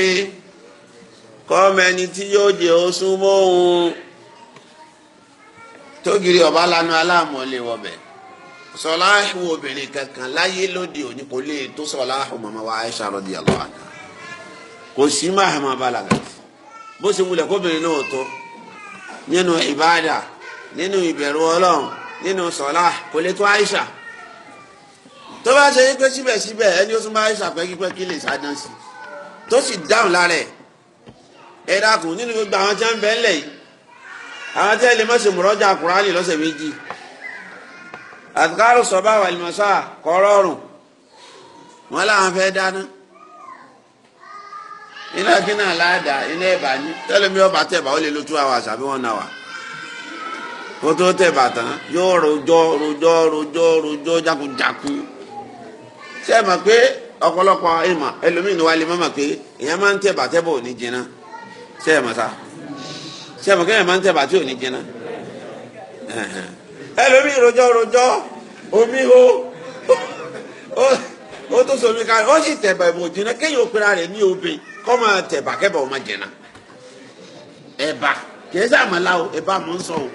Speaker 1: kọ́mọ ẹni tí yóò jẹ oṣù mọ́hún tógiri ọba lanu aláàmọ́ lè wọbẹ̀ sọláhùn obìnrin kankan láyé lóde òní kò lè tó sọláhùn màmá wa Aisha radiyallahu anha kò sí mahama balaga bó ṣe wulẹ̀ kóbìnrin náà tó nínú ìbáàdà nínú ìbẹ̀rù ọlọ́run nínú sọlá kò lè tó Aisha tó bá ṣe yí pé síbẹ̀síbẹ̀ ẹni ó tún Aisha pẹ́kípẹ́kí lè sá dánsì tó sì dáhùn lára ẹ̀ ẹ nínú gbogbo àwọn tí wọn bẹ lẹ yìí àwọn tí wọn lè má ṣe mùrọ́jà kùránì méjì àtikárò sọ́bà wàlìmọ́sá wọn làwọn fẹ́ dáná iná kínà láàdá iná ẹ̀bà ní tẹ́lẹ̀mí ọba ó lè lo two hours àbí one hour kó tó yóò ṣé ẹ mọ̀ sá ṣé ẹ mọ̀ kéèyàn máa ń tẹ̀ bàtí ò ní jiná ẹlòmí rojọ́ rojọ́ omi o ó tó so omi ká ó sì tẹ̀ bàbá ò jiná kéèyàn òpinra rẹ̀ ní obì kọ́ máa tẹ̀ bà kẹ́bà ò máa jiná ẹ̀bà kì í sàmọ́lá o ẹ̀bà mọ̀ ń sọ o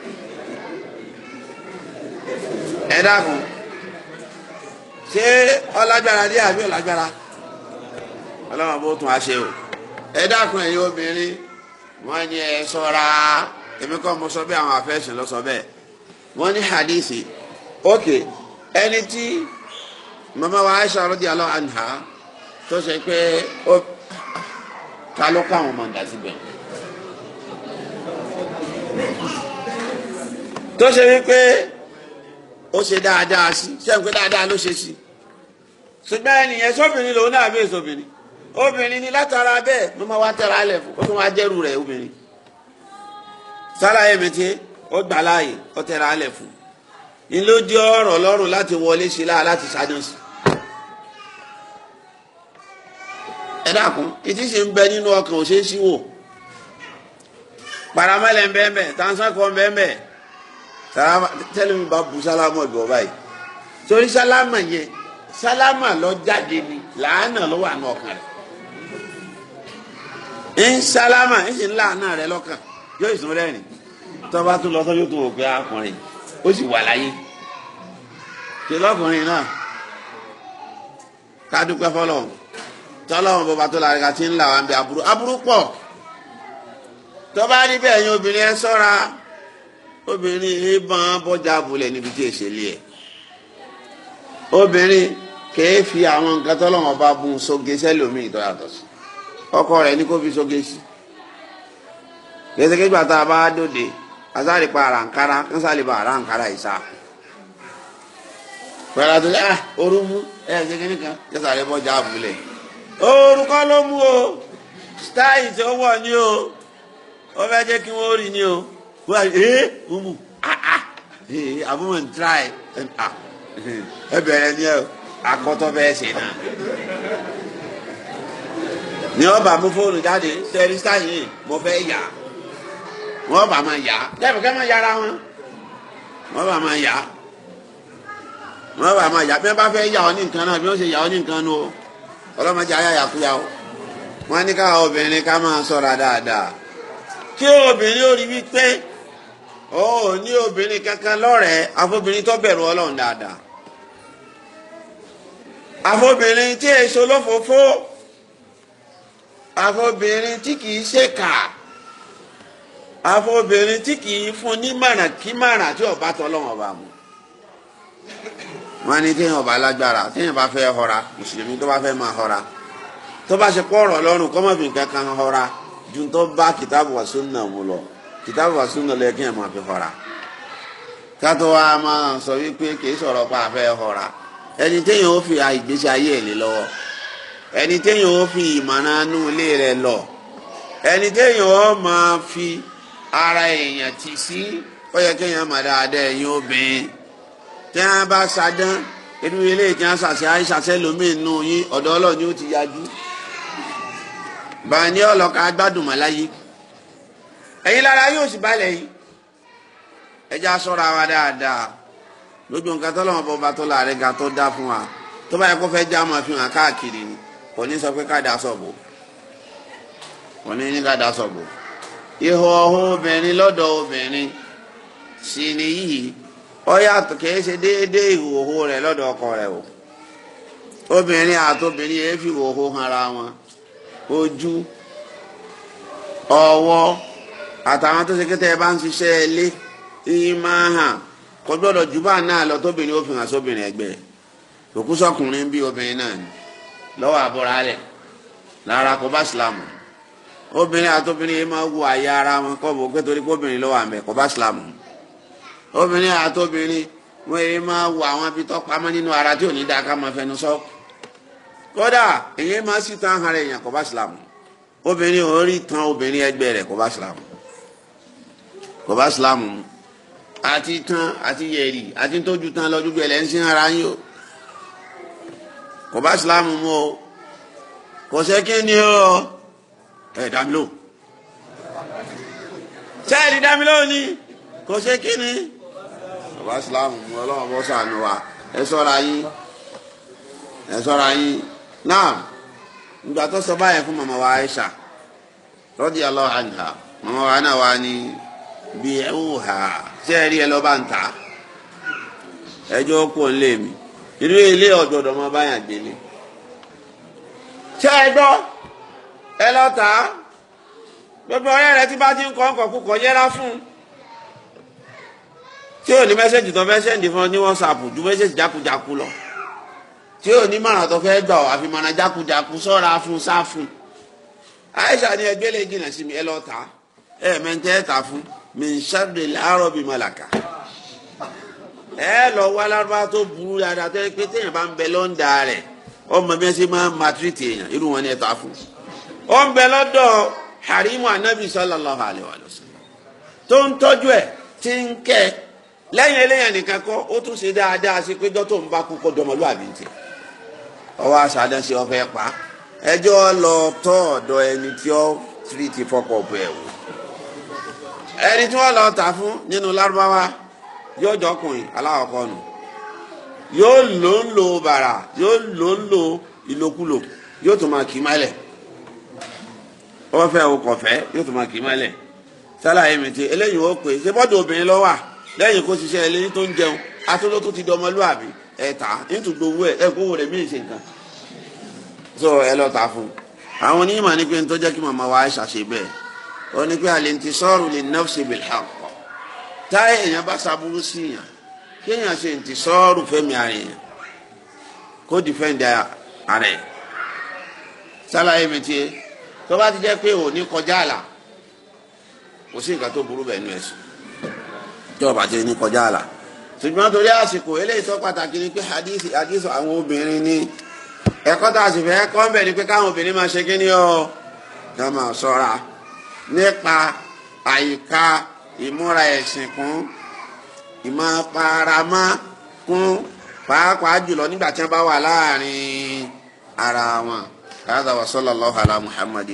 Speaker 1: ẹ dákun ṣé ọlágbára dé àbí ọlágbára ọlọ́run bó tún a ṣe o ẹ dákun ẹ̀yin obìnrin wọ́n ní ẹ sọ́ra èmi kọ́ mo sọ bẹ́ẹ̀ àwọn afẹ́sìn lọ sọ bẹ́ẹ̀ wọ́n ní hadithi ok ẹni tí mama wa Aisha radiyallahu anha tó ṣe pé ó ta ló ká àwọn mọ̀ǹdà síbẹ̀ tó ṣe wípé ó ṣe dáadáa sí ṣé n pé dáadáa ló ṣe sí ṣùgbọ́n ẹnìyẹn sóbìnrin lòun náà bí èso obìnrin obìnrin ni látara bẹ́ẹ̀ ló máa wá tẹra alẹ fún ó tún wá jẹrù rẹ̀ obìnrin sálàyé mi ó gbà láàyè ó tẹra alẹ fún ni ló di ọ̀rọ̀ lọ́rùn láti wọlé sí láà láti ṣáájú sí. ẹ dákun ìtí sì ń bẹ nínú ọkàn ò ṣe é sí wò paramẹlẹ ń bẹ ń bẹ tansan kan ń bẹ ń bẹ tẹlifí bá bu sálámù ọjọ́ báyìí torí sálámà yẹn sálámà lọ jáde ni làánà ló wà ní ọkàn rẹ̀. nṣàlámà ẹ sì ń rẹ lọ́kàn yóò sì tún rẹ́rìn tọ́ba tún lọ yóò tún wò ó sì wà láyé ṣe lọkùnrin náà ká dúpẹ́ fọlọ́ bọba tó lára ti ń là wá ń bẹ aburú aburú pọ̀ obìnrin ẹ obìnrin ìbọn fi àwọn nǹkan bùn sóge sẹ́lómi ìtọ́yàtọ̀ ọkọ rẹ ní kó fi sí gbèsègbè gbàtà bá dòde asáre àràǹkárá ń sáré àràǹkárá ìsà pẹ̀lú àtúnṣe ah orú mú ẹ ṣe nìkan já orúkọ ló mú o sítáì tí ó ní o ó kí rí o eh, mú ah ah, eh, ah eh, ẹ ẹ ṣe náà. ni wọn bá mú fóònù jáde tẹrísítà yìí mo fẹ́ yà wọn bá máa yà dẹ́bi kẹ́ máa yára wọn wọn bá máa yà wọn bá máa yà bí wọn bá fẹ́ yà ọ ní nǹkan náà bí wọn ṣe yà ọ ní nǹkan nu o ọlọ́mọdé ayé àyàkúyà o wọn ní káwọn obìnrin ká máa ṣọ́ra dáadáa kí obìnrin ó rí wípé ó ní obìnrin kankan lọ́rẹ̀ẹ́ afọbìnrin tó bẹ̀rù ọlọ́run dáadáa afọbìnrin tí èso lófòófó afọbìnrin tí kìí ṣèkà afọbìnrin tí kìí fún ní màrà kí màrà tí ọba tọlọ́wọ́n bá mu wọn ní téèyàn ọba lágbára téèyàn bá fẹ́ họra mùsùlùmí tó bá fẹ́ máa họra tó bá ṣe pọ̀rọ̀ lọ́rùn kọ́mọ̀bì kankan họra ju tó bá kìtàbù wa sunna mu lọ kìtàbù wa sunna lọ yẹ kéèyàn máa fi họra kátó wa máa sọ wípé kìí sọ̀rọ̀ pa àfẹ́ họra ẹni téèyàn ó fi àìgbésí ayé ẹ̀ lé lọ́wọ́ ẹni téèyàn ó fi ìmọ̀ràn inú ilé rẹ̀ lọ ẹni téèyàn ó máa fi ara èèyàn tì sí ó yẹ kéèyàn mọ̀ dáadáa ẹ̀yin obìnrin tí wọ́n bá sadán inú ilé tí wọ́n ṣàṣẹ àìṣàṣẹ lómìn nù yín ọ̀dọ̀ ọlọ́run ni ó ti yájú bàní ọlọ́ka gbádùn mọ́ láyé ẹ̀yin lára yóò sì balẹ̀ yìí ẹja sọ́ra wa dáadáa lójú nǹkan tọ́lọ́mọ bọ́ba tó láàrin ga tó dá fún wa tó báyìí kó fẹ́ já fi hàn káàkiri ni kò sọ pe ká da sọ̀bù kò ní ní ká da sọ̀bù ihò ọ̀hún obìnrin lọ́dọ̀ obìnrin sì ni yìí ó yàtọ̀ kìí ṣe déédéé ọkọ rẹ o obìnrin àtobìnrin yẹn fi ìhòòhò hara ra wọn ojú ọwọ́ àtàwọn tó ṣe kí tẹ́ ẹ bá ń ṣiṣẹ́ ilé ìyí máa hàn kò gbọ́dọ̀ jù bá náà lọ tóbìnrin ó fi hàn sóbìnrin ẹgbẹ́ òkú sọkùnrin bí obìnrin náà ni. lọ́wọ́ àbúrò alẹ̀ lára kò bá sìlámù obìnrin àtobìnrin yìí máa wù àyè ara wọn kọ́ bò pé torí pé obìnrin lọ́wọ́ àmì kò bá sìlámù obìnrin àtobìnrin wọn yìí máa wù àwọn ibi tó pamọ́ nínú ara tí ò ní dáa máa fẹnu sọ kódà èyí máa sì tán ara èèyàn kò sìlámù obìnrin ò tan obìnrin ẹgbẹ́ rẹ̀ kò sìlámù kò sìlámù àti tán àti yẹ̀rì àti tójú tán lọ́jọ́ gbẹ̀lẹ́ ń sin ara yín o kò bá ìsìlámù mu o kò ṣe kí ni o ẹ dá mi lò sẹ́ẹ̀dì dá mi lò ni kò ṣe kí ni kò bá ìsìlámù mu ọlọ́run bọ́ sànù wa ẹ sọ́ra yín ẹ sọ́ra yín náà ìgbà tó sọ báyẹn fún màmá wa Aisha radiyallahu anha màmá wa náà wà ní bí ẹ wù hà sẹ́ẹ̀rì ẹ lọ́ bá ń ta ẹjọ́ kò ń lé mi. irú ilé ọ̀gbọ́dọ̀ máa báyà gbélé ṣé ẹ gbọ́ ẹ lọ tà á gbogbo ọ̀rẹ́ rẹ tí bá ti ń kọ́ yẹra fún tí ò ní mẹ́sẹ̀jì tó fẹ́ sẹ́ǹdì ní wọ́sàpù ju mẹ́sẹ̀jì lọ tí ò ní mọ̀ràn tó fẹ́ gbà ọ àfi jákujáku sọ́ra fún sá fún ni ẹgbẹ́ lè jìnnà sí mi ẹ lọ tà á ẹ fún mi ń ẹ lọ wá lárúbá tó burú dáadáa tó yẹ pé téèyàn bá ń bẹ lọ́ńdà rẹ̀ ọmọ mi ṣe máa ń matiriti èèyàn irú wọn ni ẹ ta fún ọ ń bẹ harimu anabi sallallahu alayhi wa sallam tó ń tọ́jú ẹ̀ tí ń lẹ́yìn eléyàn nìkan kọ́ ó tún ṣe dáadáa sí pé dọ́tò ń bá kú kó dọmọlúwàbí ọwọ́ lọ tọ́ ọ̀dọ̀ ẹni tí ó tiriti wò ẹni tí wọ́n lọ fún nínú yóò jọkùnrin aláwọ̀kọ́ nù yóò lò ń lo bàrà yóò lò ń lo ìlòkulò yóò tún máa kì í mọ́lẹ̀ ọ̀fẹ́ òkọ̀fẹ́ yóò tún máa kì í mọ́lẹ̀ sálàyé mi ti eléyìí ó pè é ṣé bọ́dọ̀ obìnrin lọ́wọ́ à lẹ́yìn kó ṣiṣẹ́ eléyìí tó ń jẹun atúndó tó ti dọmọlúwàbí ẹ̀ta nítùgbò owó ẹ̀ ẹ̀kọ́ wo rẹ̀ mí ṣe nǹkan so ẹ lọ ta fún un àwọn onímọ̀ ní pé ń tọ́jọ́ kí màmá wa ṣàṣe bẹ́ẹ̀ ó ní pé àlè ń ti sọ́ọ̀rù lè nọ́ọ̀ṣì bìlhàmù táyà èèyàn bá ṣàbúrú sí kéèyàn ṣe ntì sọ́ọ̀rù fẹ́mi ara yẹn kó dìfẹ́ǹdì ara yẹn sálàyé mi tiẹ̀ tó bá ti pé òní ní torí àsìkò eléyìí tó pàtàkì ni pé ni ń bẹ̀ ni pé káwọn obìnrin ṣe kí ni ìmúra ẹ̀sìn kún ìmọ̀ paramọ́ kún pàápàá jùlọ nígbà tí wọ́n bá wà láàrin ara wọn. هذا وصلى الله على محمد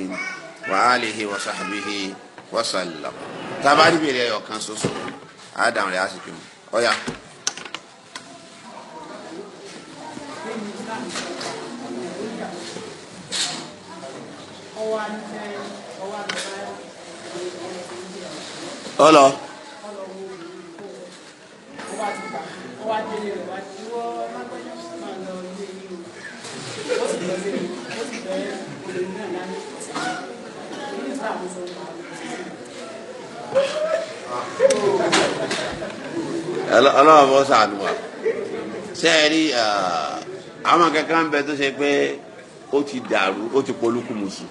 Speaker 1: وآله وصحبه وسلم تبارك بيري يو كان سوسو ادم adam اسكيم Oh, I'm ọlọ. ọlọ́wọ́ bọ́ sàdùnwà sẹ́ẹ̀rí àwọn kankan bẹ tó ṣe pé ó ti dàrú ó ti polúkúmuṣu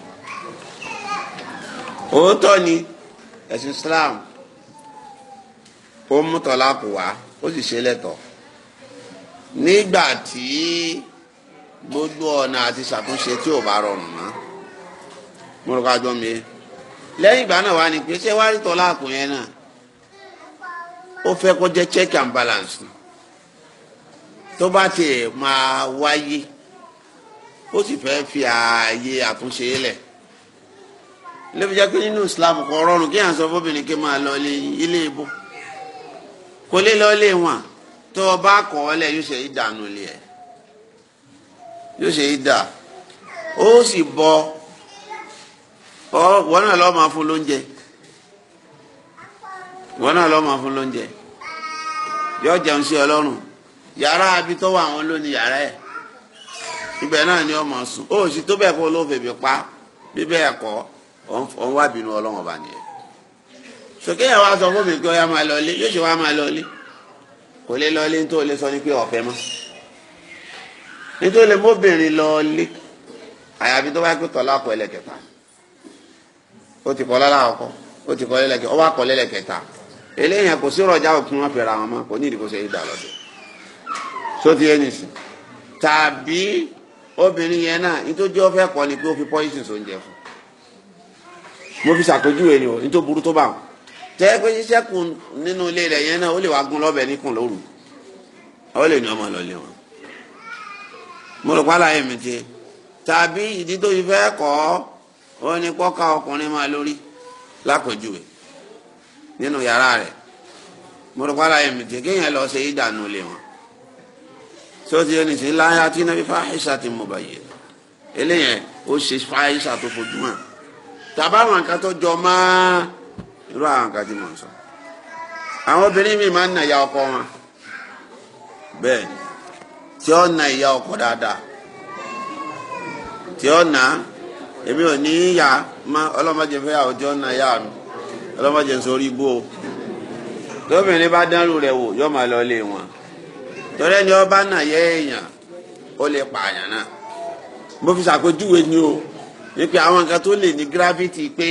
Speaker 1: òótọ́ ni ẹ̀sìn Islam ó mú tọ́láàkù wá ó sì ṣe nígbà gbogbo ọ̀nà àti ṣàtúnṣe tí ò bá rọrùn mọ́ mo rò ká jọ mi lẹ́yìn ìgbà náà wá ní pé ṣé check and balance tó bá tiẹ̀ máa wáyé ó sì fẹ́ fi ààyè àtúnṣe lẹ̀ lẹ́bi jẹ́ Islam kí lọ ilé kò lè lọ lé wọn tó o bá kọ̀ ọ́ ṣe lé ṣe ó sì bọ ọ wọn náà máa fún lóúnjẹ wọn náà máa fún lóúnjẹ yọ jẹun sí ọlọ́run yàrá abi tó wà wọn lónìí yàrá ẹ ibẹ̀ náà ni ọ máa sùn ó sì tó bẹ́ẹ̀ kó pa bíbẹ́ wá bínú sókè yà wá sọ fóbi pé ó yà máa lọlé yóò ṣe wá máa lọlé kò lè lọlé tó lè sọ ni pé ọ̀fẹ́ mọ́ nítorí mọ́bìnrin lọlé àyàfi tó bá pé tọ́lá ọkọ̀ ẹlẹ́kẹta ó ti kọ́ lọ́la ọkọ̀ ó ti kọ́ lẹ́lẹ́kẹta ó wá kọ́ lẹ́lẹ́kẹta eléyìí kò sí rọjà òkun wọn fẹ́ra wọn mọ́ kò ní ìdí kò ṣe é dà lọ́dọ̀ sóti ẹni sìn tàbí obìnrin yẹn náà nítorí ó kọ́ ni pé ó fi pọ́ìsì sóúnjẹ fún mo fi ṣàpèjúwe ni o nítorí burú tó bá wọn tẹ́ pé ṣiṣẹ́ kun nínú ilé rẹ̀ yẹn náà ó lè wá gun lọ́bẹ̀ níkùn lóru ó lè ní ọmọ lọ́lé wọn. mo rò pálá yẹn mi ti tàbí ìdí tó fi fẹ́ kọ́ ó ní pọ́ká ọkùnrin máa lórí lákòjúwe nínú yàrá rẹ̀ mo rò pálá yẹn mi ti kéèyàn lọ ṣe ìdànù ilé wọn. sọ́ọ́tì ẹni sí láyà tí nàbí fáhísà ti mọ̀ báyìí eléyẹn ó ṣe fáhísà tó fojú hàn tàbá àwọn nǹkan jọ máa. irú ahụ nǹkan tí mò nsọ. àwọn obìnrin mi ma na ọkọ wọn Bẹẹ. tí na ìyá ọkọ dáadáa tí na èmi ò ní yà ma ọlọ́mọdé fẹ́ yàwó tí na yà mí ọlọ́mọdé ń sori bó lóbìnrin bá dánrù rẹ̀ wò yóò máa lọ lé wọn torí ẹni ọba náà yẹ èèyàn ó lè pààyàn náà mo fi ṣàpèjúwe ni o wípé àwọn nǹkan tó lè ní gravity pé.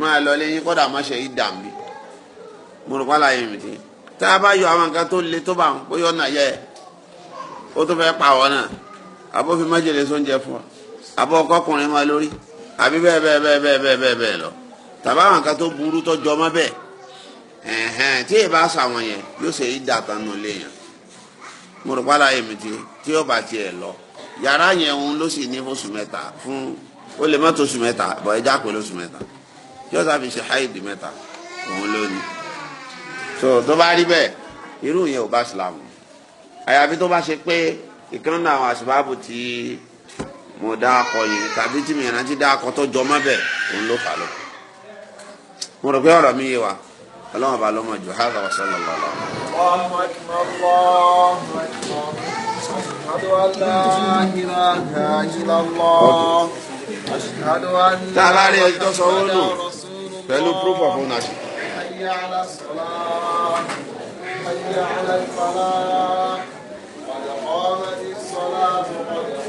Speaker 1: máa lọ lẹ́yìn kọ́dà má ṣe ìdà mi mo rò pálá yẹn mi ti tá a bá yọ àwọn nǹkan tó le tó bá ń bóyá ọ̀nà yẹ ó tó fẹ́ pa ọ̀ náà àbófin májèlé sóúnjẹ fún ọ àbọ̀ ọkọkùnrin máa lórí àbí bẹ́ẹ̀ bẹ́ẹ̀ bẹ́ẹ̀ bẹ́ẹ̀ bẹ́ẹ̀ bẹ́ẹ̀ bẹ́ẹ̀ lọ tàbá àwọn nǹkan tó burú tó jọ mọ́ bẹ́ẹ̀ ẹ̀hẹ́n tí èyí bá sọ àwọn yẹn yóò ṣe ìdà tanu léèyàn mo rò pálá yẹn mi ti tí ó bá tiẹ̀ lọ yàrá yẹn òun ló sì ní fún oṣù mẹ́ta fún ó lè mọ́tò oṣù mẹ́ta bọ̀ ẹja pẹ̀lú oṣù mẹ́ta yóò sáfi ṣe háìdì mẹ́ta òun ló so tó bá rí bẹ́ẹ̀ irú yẹn ò bá Islam àyàfi tó bá ṣe pé ìkan náà àwọn àṣìbáàbò tí mo dá akọ yẹn tàbí tí mi ìrántí dá akọ tó jọ mọ́ bẹ́ẹ̀ òun ló fà lọ mo rò pé ọ̀rọ̀ mi yé wa ọlọ́run ọba lọ́mọ jù hàgà wa sọ́lá lọ́lọ́. tá a bá rí sọ wọ́n nù. فلو بروف اوف حي على الصلاه حي على الفلاح قد قامت الصلاه